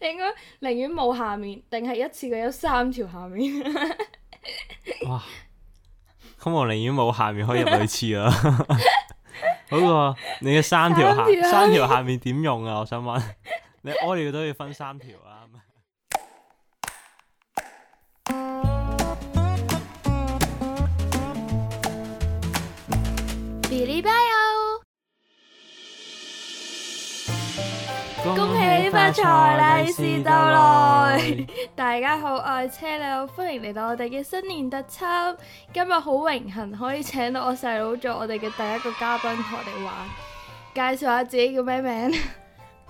應該寧願冇下面，定係一次過有三條下面。哇！咁我寧願冇下面可以入去一次啦。好過你嘅三條下，三條下面點用啊？我想問，你屙尿都要分三條啊？Billy Bye Oh。公。財利是到來， 大家好，我係車佬，歡迎嚟到我哋嘅新年特輯。今日好榮幸可以請到我細佬做我哋嘅第一個嘉賓同我哋玩。介紹下自己叫咩名？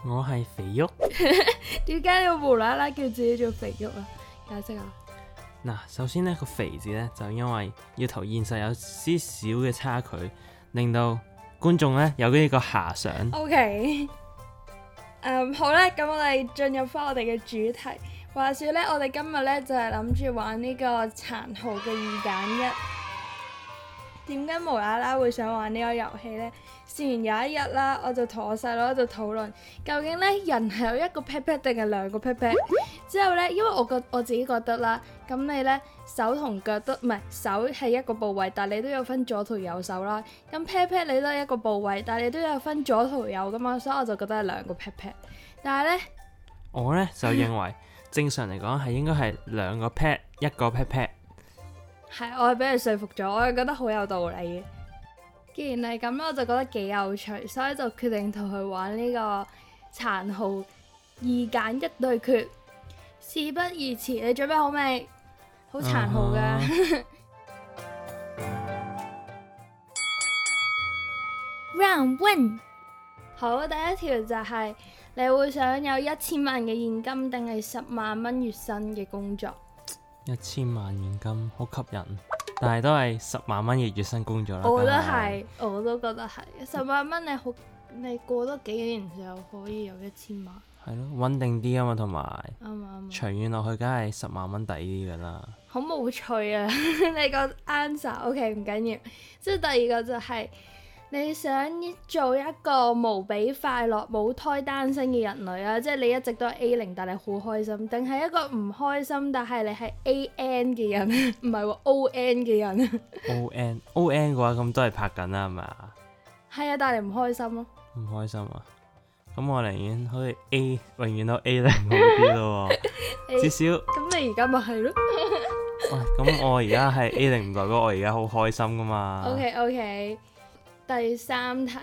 我係肥玉。點解要無啦啦叫自己做肥玉啊？解釋啊！嗱，首先呢個肥字呢，就因為要同現實有少少嘅差距，令到觀眾呢有呢個遐想。O K。Um, 好啦，咁我哋進入翻我哋嘅主題。話説呢，我哋今日呢就係諗住玩呢個殘酷嘅二揀一。點解無啦啦會想玩呢個遊戲呢？試完有一日啦，我就同我細佬喺度討論究竟咧人係有一個 pat pat 定係兩個 pat pat？之後咧，因為我覺我自己覺得啦，咁你咧手同腳都唔係手係一個部位，但係你都有分左同右手啦。咁 pat pat 你都係一個部位，但係你都有分左同右噶嘛，所以我就覺得係兩個 pat pat。但係咧，我咧就認為 正常嚟講係應該係兩個 pat 一個 pat pat。係，我係俾佢説服咗，我係覺得好有道理嘅。既然係咁啦，我就覺得幾有趣，所以就決定同佢玩呢個殘酷二揀一對決，事不宜遲。你準備好未？好殘酷噶、uh huh. ！Round win 好，第一條就係、是、你會想有一千萬嘅現金，定係十萬蚊月薪嘅工作？一千萬現金好吸引。但係都係十萬蚊嘅月薪工作啦，我覺得係，是我都覺得係十萬蚊，你好，你過多幾年就可以有一千萬，係咯，穩定啲啊嘛，同埋，啱啱、嗯，長、嗯、遠落去梗係十萬蚊抵啲噶啦，好無趣啊， 你個 answer，OK 唔緊要，即、okay, 係第二個就係、是。你想做一個無比快樂、冇胎單身嘅人類啊！即係你一直都係 A 零，但係好開心，定係一個唔開心但係你係 A N 嘅人，唔係喎 O N 嘅人 ？O N O N 嘅話，咁都係拍緊啦，係咪？係啊，但係你唔開心咯。唔開心啊？咁、啊、我寧願可以 A，永遠都 A 零好啲咯、啊。 hey, 至少咁，你而家咪係咯？喂 、哎，咁我而家係 A 零，唔代表我而家好開心噶嘛？O K O K。Okay, okay. 第三題，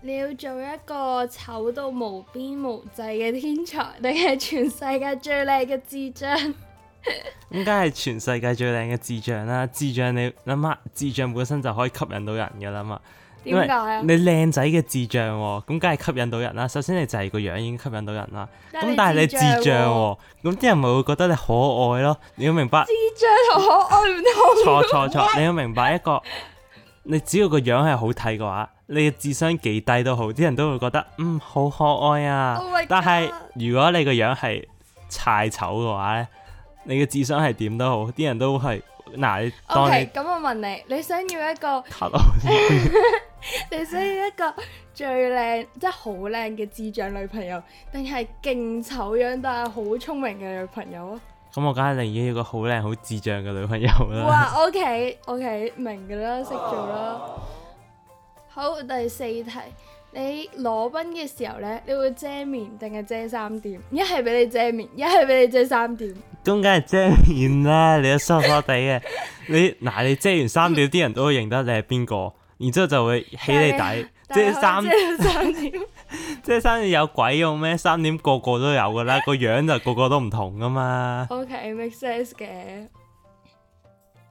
你要做一個醜到無邊無際嘅天才，定係全世界最靚嘅智障？咁梗係全世界最靚嘅智障啦！智障你諗下，智障本身就可以吸引到人噶啦嘛？點解？你靚仔嘅智障，咁梗係吸引到人啦。首先你就係個樣已經吸引到人啦。咁但係你，你智障，咁啲 人咪會覺得你可愛咯？你要明白，智障同可愛唔同。錯錯錯， 你要明白一個。你只要個樣係好睇嘅話，你嘅智商幾低都好，啲人都會覺得嗯好可愛啊。Oh、但係如果你個樣係太醜嘅話咧，你嘅智商係點都好，啲人都係嗱、啊、你。O、okay, 咁我問你，你想要一個， 你想要一個最靚，即係好靚嘅智障女朋友，定係勁醜樣但係好聰明嘅女朋友啊？咁我梗係寧願要個好靚好智障嘅女朋友啦。哇，O K O K，明噶啦，識做啦。好，第四題，你裸奔嘅時候咧，你會遮面定係遮三點？一係俾你遮面，一係俾你遮三點？咁梗係遮面啦，你都梳梳地嘅， 你嗱你遮完三點，啲 人都會認得你係邊個，然之後就會起你底但遮三三。 即係生日有鬼用咩？三點個個都有噶啦，個樣就個個都唔同噶嘛。O K，make sense 嘅。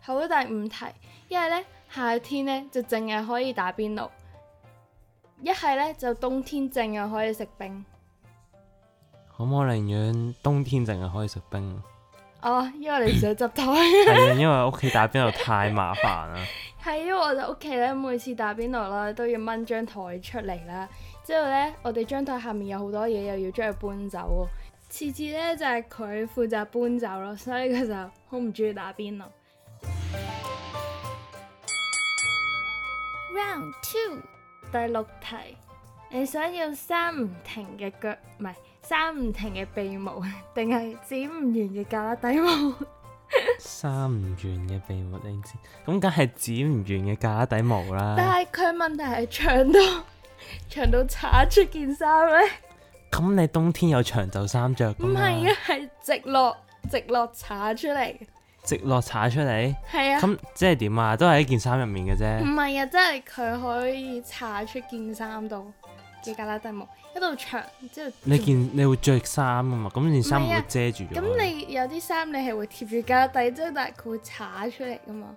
好第五題，一係呢夏天呢，就淨係可以打邊爐，一係呢，就冬天淨係可以食冰。可唔可寧願冬天淨係可以食冰？哦，因為你想執台。係因為屋企打邊爐太麻煩啦。係因為我哋屋企呢，每次打邊爐啦都要掹張台出嚟啦。之後呢，我哋張枱下面有好多嘢，又要將佢搬走啊！次次呢，就係佢負責搬走咯，所以佢就好唔中意打邊爐。Round two，第六題，你想要三唔停嘅腳，唔係三唔停嘅 鼻毛，定係剪唔完嘅格拉底毛？三唔完嘅鼻毛定剪？咁梗係剪唔完嘅格拉底毛啦！但係佢問題係長到。長到叉出件衫咩？咁你冬天有長袖衫着？唔係啊，係直落直落叉出嚟。直落叉出嚟？係啊。咁即係點啊？都係一件衫入面嘅啫。唔係啊，即係佢可以叉出件衫度嘅格拉底毛，一道長之後。你件你會着衫啊嘛？咁件衫、啊、會遮住。咁你有啲衫你係會貼住格底，即係但係佢會叉出嚟噶嘛？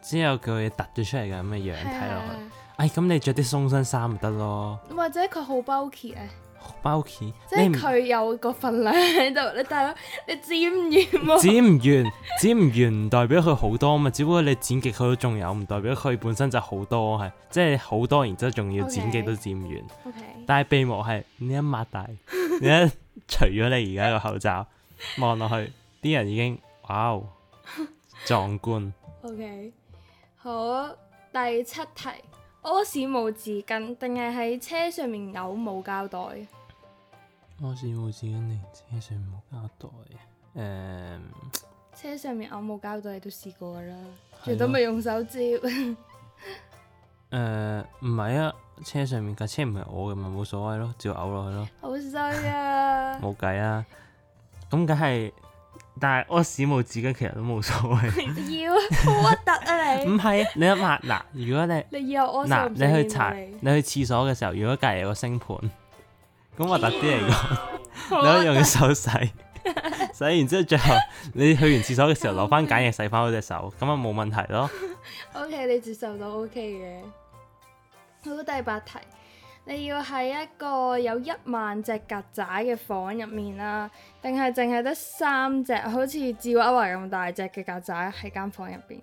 只有佢會突咗出嚟嘅咁嘅樣睇落去。哎，咁你着啲鬆身衫咪得咯，或者佢、啊、好 bulky 咧 bulky，即係佢有個份量喺度，你大佬你剪唔完,完，剪唔完，剪唔完唔代表佢好多啊嘛， 只不過你剪極佢都仲有，唔代表佢本身就好多係，即係好多，就是、多然之後仲要剪極都剪唔完。O Okay . K，Okay. 但係鼻毛係你一抹大，你一除咗你而家個口罩，望落 去啲人已經，哇哦，壯觀。O、okay. K，好第七題。屙屎冇紙巾，定係喺車上面嘔冇膠袋？屙屎冇紙巾，定車上面冇膠袋啊！誒、嗯，車上面嘔冇膠袋你都試過㗎啦，最多咪用手接。誒、 呃，唔係啊，車上面架車唔係我嘅咪冇所謂咯，照嘔落去咯。好衰啊！冇計 啊，咁梗係。但係屙屎冇紙巾，其實都冇所謂。要、 啊，好核突啊你！唔係，你一抹嗱，如果你你以後屙屎你，嗱 你去查！你去廁所嘅時候，如果隔籬有個星盤，咁核突啲嚟講， 你可以用隻手洗， 洗完之後 最後你去完廁所嘅時候，留翻梘液洗翻嗰隻手，咁啊冇問題咯。 o、okay, K，你接受到 O K 嘅。好，第八題。你要喺一個有一萬隻曱甴嘅房入面啦，定係淨係得三隻好似志威華咁大隻嘅曱甴喺間房入邊？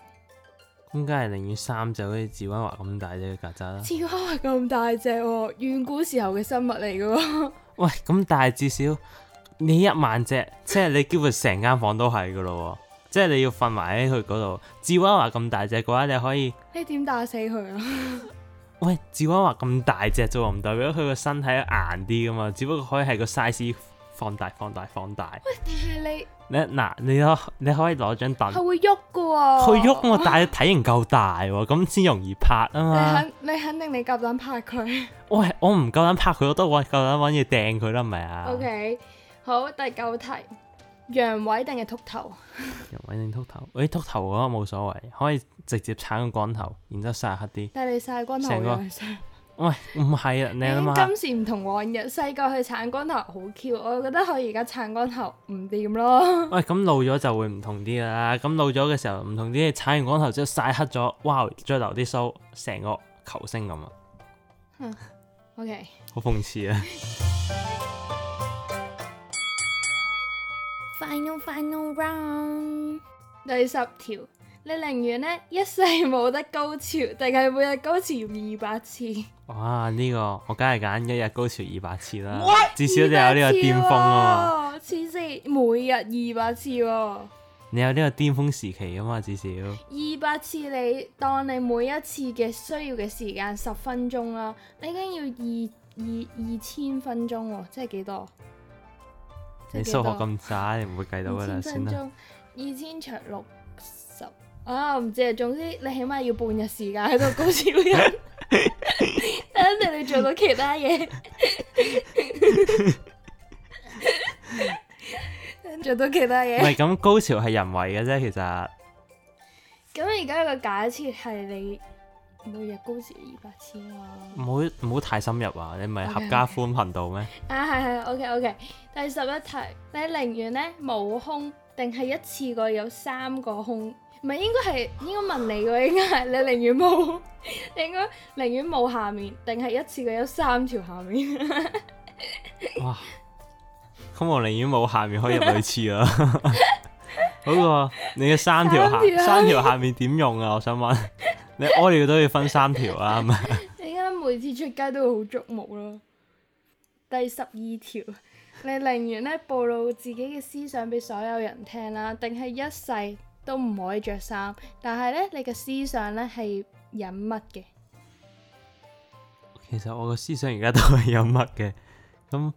咁梗係寧願三隻好似志威華咁大隻嘅曱甴啦。志威華咁大隻哦，遠古時候嘅生物嚟嘅喎。喂，咁但係至少你一萬隻，即係你幾乎成間房都係嘅咯， 即係你要瞓埋喺佢嗰度。志威華咁大隻嘅話，你可以？你點打死佢啊？ 喂，子安話咁大隻，做唔代表佢個身體硬啲噶嘛？只不過可以係個 size 放，放，放大、放大、放大。喂，但係你你嗱，你可你可以攞張凳。佢會喐噶喎。佢喐，但係體型夠大，喎，咁先容易拍啊嘛。你肯你肯定你夠膽拍佢？喂，我唔夠膽拍佢，我都話夠膽搵嘢掟佢啦，係咪啊？OK，好，第九題。陽痿定係禿頭？陽痿定禿頭？我、哎、禿頭啊，冇所謂，可以直接鏟個光頭，然之後曬黑啲。但係你曬光頭成個喂，唔係、哎、啊，你諗下。今時唔同往日，細個去鏟光頭好 Q，我又覺得佢而家鏟光頭唔掂咯。喂、哎，咁老咗就會唔同啲啦。咁老咗嘅時候唔同啲，你鏟完光頭之後曬黑咗，哇！再留啲鬚，成個球星咁啊。嗯 ，OK。好諷刺啊！ Final Final Round 第十條，你寧願咧一世冇得高潮，定係每日高潮二百次？哇！呢、這個我梗係揀一日高潮二百次啦 Yeah!、啊啊，至少就有呢個巔峰哦。黐線，每日二百次，你有呢個巔峰時期啊嘛？至少二百次，你，你當你每一次嘅需要嘅時間十分鐘啦、啊，你已經要二二二千分鐘喎、啊，即係幾多？你數學咁渣，你唔會計到噶啦，先啦。算啦，二千場六十啊，我唔知啊。總之你起碼要半日時間喺度高潮人，肯定 你做到其他嘢， 做到其他嘢。唔係咁高潮係人為嘅啫，其實。咁而家有個假設係你。每日高潮二百次啊！唔好唔好太深入啊！你唔係合家歡頻道咩？Okay, okay. 啊，係係，O K O K。Okay, okay. 第十一題，你寧願咧冇胸，定係一次過有三個胸？唔係應該係應該問你嘅，應該係你寧願冇，應該寧願冇下面，定係一次過有三條下面？ 哇！咁我寧願冇下面可以入女廁啊！不 過你嘅三條下三條下面點用啊？我想問。你屙尿都要分三條啊！係咪 吧？點解每次出街都會好觸目咯？第十二條，你寧願咧暴露自己嘅思想俾所有人聽啦，定係一世都唔可以着衫？但係咧，你嘅思想咧係隱密嘅。其實我嘅思想而家都係隱密嘅。咁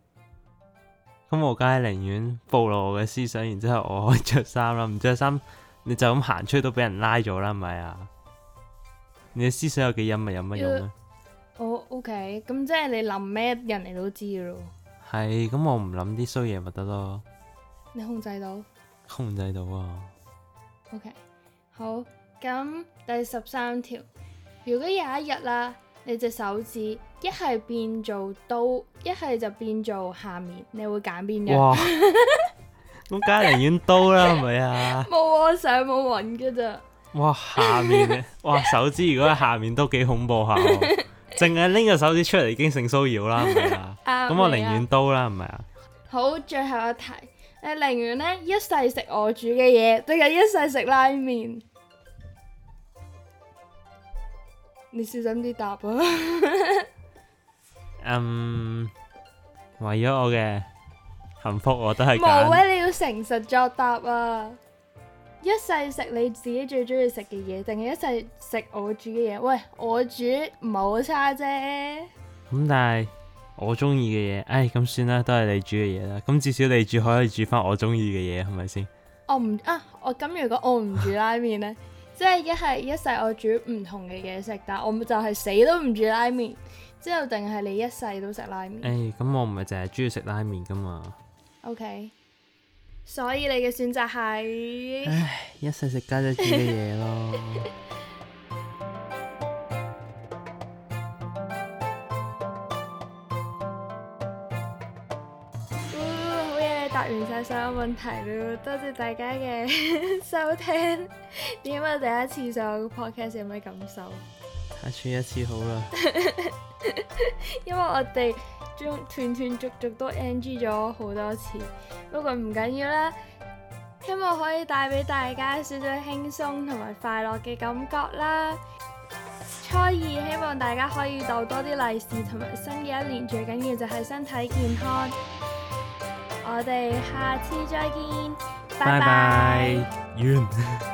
咁，我梗係寧願暴露我嘅思想，然之後我可以著衫啦。唔着衫，你就咁行出去都俾人拉咗啦，係咪啊？你思想有幾陰密有乜用啊？哦，OK，咁即係你諗咩人哋都知咯。係，咁我唔諗啲衰嘢咪得咯。你控制到？控制到啊。OK，好，咁第十三條，如果有一日啦，你隻手指一係變做刀，一係就變做下面，你會揀邊樣？咁梗係寧願刀啦，係咪啊？冇啊，上網搵㗎咋。哇，下面嘅 哇，手指如果喺下面都幾恐怖下，淨係拎個手指出嚟已經性騷擾啦，係 啊？咁我寧願刀啦，係咪啊？好，最後一題，你寧願咧一世食我煮嘅嘢，定係一世食拉麵？你小心啲答啊？ 嗯，為咗我嘅幸福我都係冇嘅，你要誠實作答啊！一世食你自己最中意食嘅嘢，定係一世食我煮嘅嘢？喂，我煮唔係好差啫。咁、嗯、但係我中意嘅嘢，唉、哎，咁算啦，都係你煮嘅嘢啦。咁至少你煮可以煮翻我中意嘅嘢，係咪先？我唔啊，我咁如果我唔煮拉麵呢？ 即係一係一世我煮唔同嘅嘢食，但係我就係死都唔煮拉麵。之後定係你一世都食拉麵？誒、哎，咁我唔係淨係中意食拉麵噶嘛？O K。Okay. 所以你嘅選擇係唉，一世食家姐煮嘅嘢咯。好嘢、 哦，答完晒所有問題啦，多謝大家嘅 收聽。點解第一次上 podcast 有咩感受？穿一次好啦， 因為我哋。中斷斷續續都 NG 咗好多次，不過唔緊要啦，希望可以帶俾大家少少輕鬆同埋快樂嘅感覺啦。初二希望大家可以逗多啲利是，同埋新嘅一年最緊要就係身體健康。我哋下次再見，拜拜。完